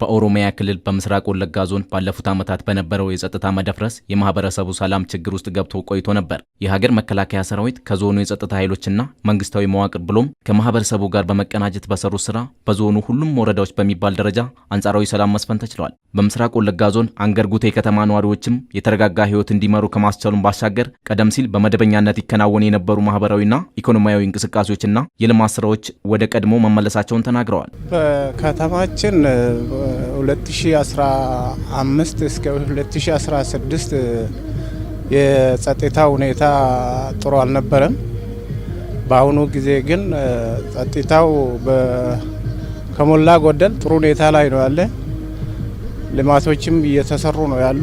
በኦሮሚያ ክልል በምስራቅ ወለጋ ዞን ባለፉት ዓመታት በነበረው የጸጥታ መደፍረስ የማህበረሰቡ ሰላም ችግር ውስጥ ገብቶ ቆይቶ ነበር። የሀገር መከላከያ ሰራዊት ከዞኑ የጸጥታ ኃይሎችና መንግስታዊ መዋቅር ብሎም ከማህበረሰቡ ጋር በመቀናጀት በሰሩት ስራ በዞኑ ሁሉም ወረዳዎች በሚባል ደረጃ አንጻራዊ ሰላም መስፈን ተችሏል። በምስራቅ ወለጋ ዞን አንገርጉቴ ከተማ ነዋሪዎችም የተረጋጋ ህይወት እንዲመሩ ከማስቻሉን ባሻገር ቀደም ሲል በመደበኛነት ይከናወን የነበሩ ማህበራዊና ኢኮኖሚያዊ እንቅስቃሴዎችና የልማት ስራዎች ወደ ቀድሞ መመለሳቸውን ተናግረዋል። በከተማችን 2015 እስከ 2016 የጸጥታ ሁኔታ ጥሩ አልነበረም። በአሁኑ ጊዜ ግን ጸጥታው ከሞላ ጎደል ጥሩ ሁኔታ ላይ ነው ያለ ልማቶችም እየተሰሩ ነው ያሉ።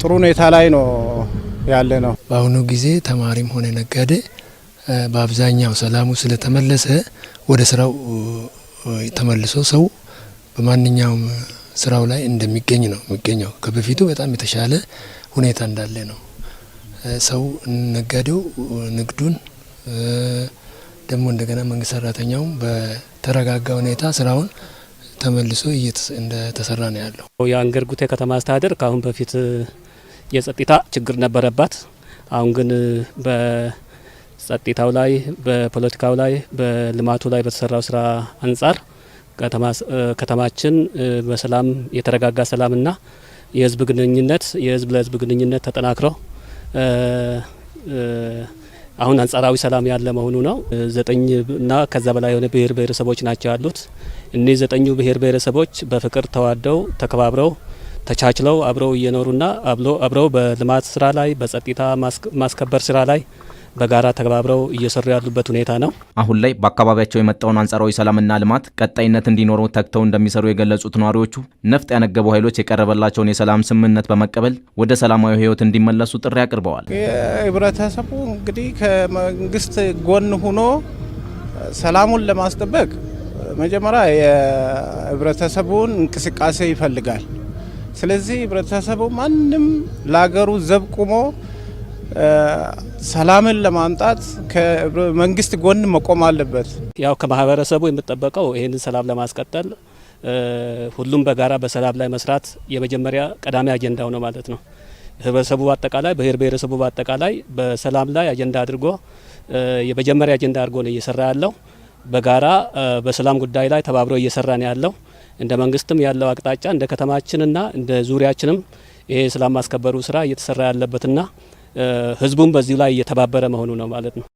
ጥሩ ሁኔታ ላይ ነው ያለ ነው። በአሁኑ ጊዜ ተማሪም ሆነ ነጋዴ በአብዛኛው ሰላሙ ስለተመለሰ ወደ ስራው ተመልሶ ሰው በማንኛውም ስራው ላይ እንደሚገኝ ነው የሚገኘው። ከበፊቱ በጣም የተሻለ ሁኔታ እንዳለ ነው። ሰው ነጋዴው ንግዱን ደግሞ እንደገና መንግስት ሰራተኛውም በተረጋጋ ሁኔታ ስራውን ተመልሶ እንደተሰራ ነው ያለው። የአንገር ጉቴ ከተማ አስተዳደር ከአሁን በፊት የጸጥታ ችግር ነበረባት። አሁን ግን በጸጥታው ላይ፣ በፖለቲካው ላይ፣ በልማቱ ላይ በተሰራው ስራ አንጻር ከተማችን በሰላም የተረጋጋ ሰላምና የህዝብ ግንኙነት የህዝብ ለህዝብ ግንኙነት ተጠናክረው አሁን አንጻራዊ ሰላም ያለ መሆኑ ነው። ዘጠኝ እና ከዛ በላይ የሆነ ብሔር ብሔረሰቦች ናቸው ያሉት። እኒህ ዘጠኙ ብሔር ብሔረሰቦች በፍቅር ተዋደው ተከባብረው ተቻችለው አብረው እየኖሩና አብረው በልማት ስራ ላይ በጸጥታ ማስከበር ስራ ላይ በጋራ ተግባብረው እየሰሩ ያሉበት ሁኔታ ነው። አሁን ላይ በአካባቢያቸው የመጣውን አንጻራዊ ሰላምና ልማት ቀጣይነት እንዲኖረው ተግተው እንደሚሰሩ የገለጹት ነዋሪዎቹ ነፍጥ ያነገቡ ኃይሎች የቀረበላቸውን የሰላም ስምምነት በመቀበል ወደ ሰላማዊ ሕይወት እንዲመለሱ ጥሪ አቅርበዋል። ህብረተሰቡ እንግዲህ ከመንግስት ጎን ሆኖ ሰላሙን ለማስጠበቅ መጀመሪያ የህብረተሰቡን እንቅስቃሴ ይፈልጋል። ስለዚህ ህብረተሰቡ ማንም ለሀገሩ ዘብ ቁሞ ሰላምን ለማምጣት ከመንግስት ጎን መቆም አለበት። ያው ከማህበረሰቡ የምጠበቀው ይህንን ሰላም ለማስቀጠል ሁሉም በጋራ በሰላም ላይ መስራት የመጀመሪያ ቀዳሚ አጀንዳው ነው ማለት ነው። ህብረተሰቡ በአጠቃላይ ብሔር ብሔረሰቡ በአጠቃላይ በሰላም ላይ አጀንዳ አድርጎ የመጀመሪያ አጀንዳ አድርጎ ነው እየሰራ ያለው። በጋራ በሰላም ጉዳይ ላይ ተባብሮ እየሰራ ነው ያለው። እንደ መንግስትም ያለው አቅጣጫ እንደ ከተማችንና እንደ ዙሪያችንም ይሄ የሰላም ማስከበሩ ስራ እየተሰራ ያለበትና ህዝቡም በዚህ ላይ እየተባበረ መሆኑ ነው ማለት ነው።